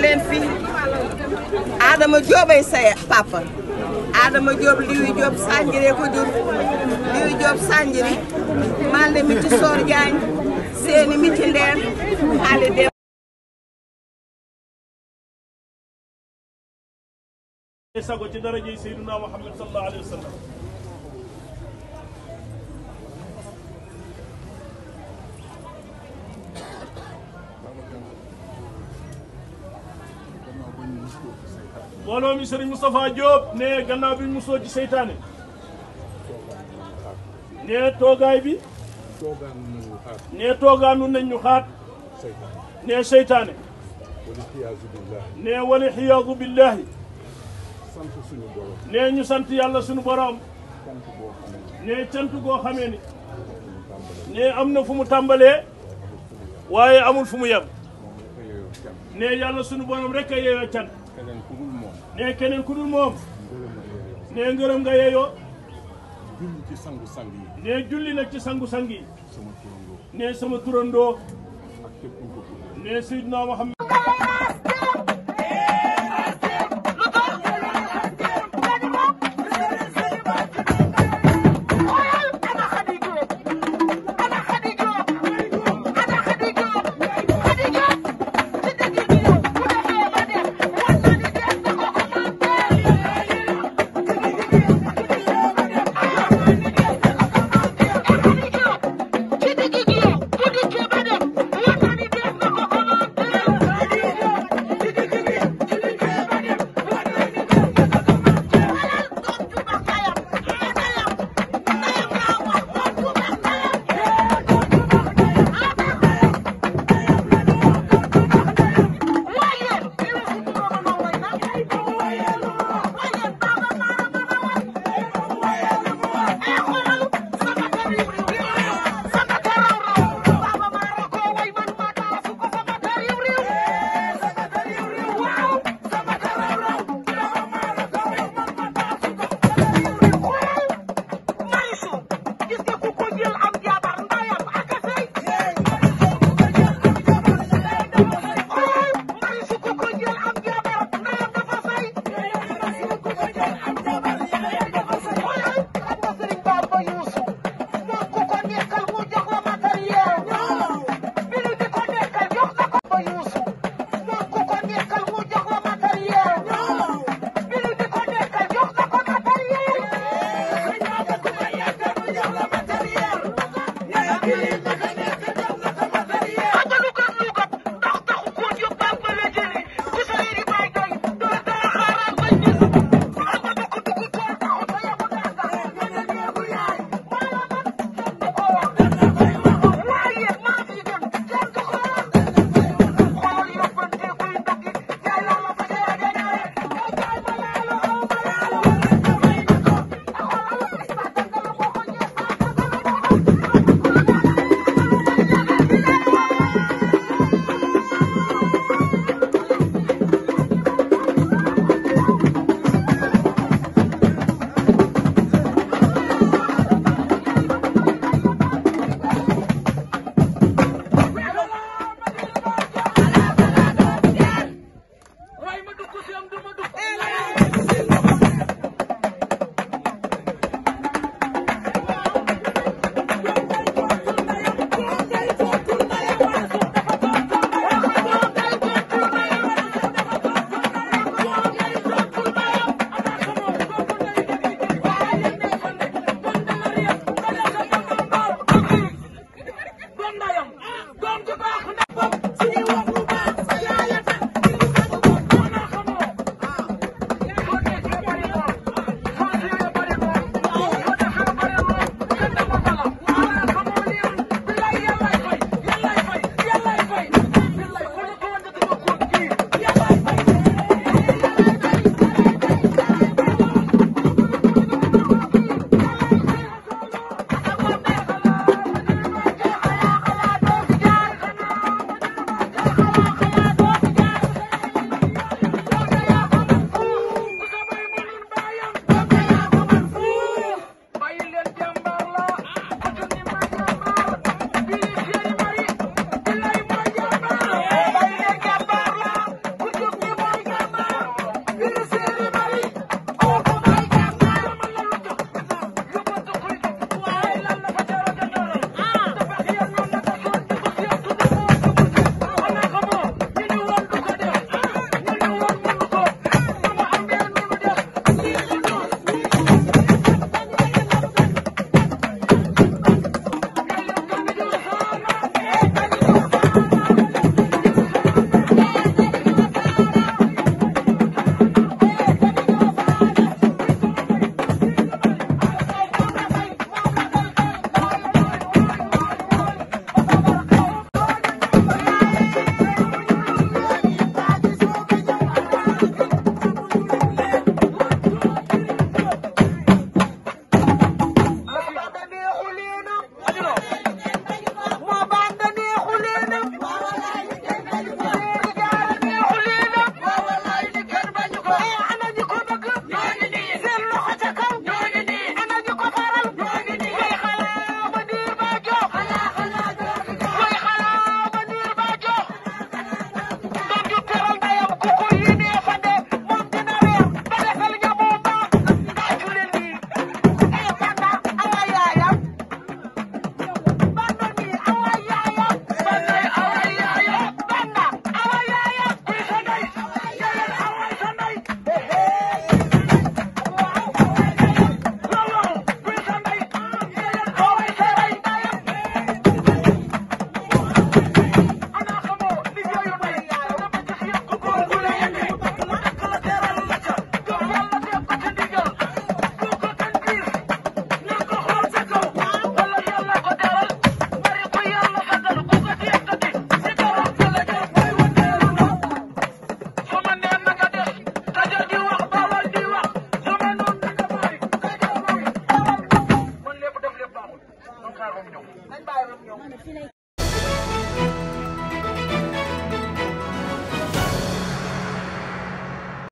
leen fi Adama Diobay say papa Adama Diop Liwi Diop Sanjiri ko jur Liwi Diop Sanjiri mi ci Soor Diagne Seeni mi ci Ndeen Ali Dem mbooloo mi Serigne Moustapha Diop gannaaw bi mosoo ci seytaane ne toogaay bi ne toogaanu nañ ñu xaat ne seytaane ne wali xiyaasu billahi ne ñu sant yàlla suñu borom ne cant goo xamee ni ne am na fu mu tàmbalee waaye amul fu mu yem ne yàlla suñu borom rek a yeeyoo cant ne keneen ku dul moom ne ngërëm nga yeeyoo julli ci sangu sang yi ne julli nag ci sangu sang yi ne sama turandoo ne Seydina Muhammad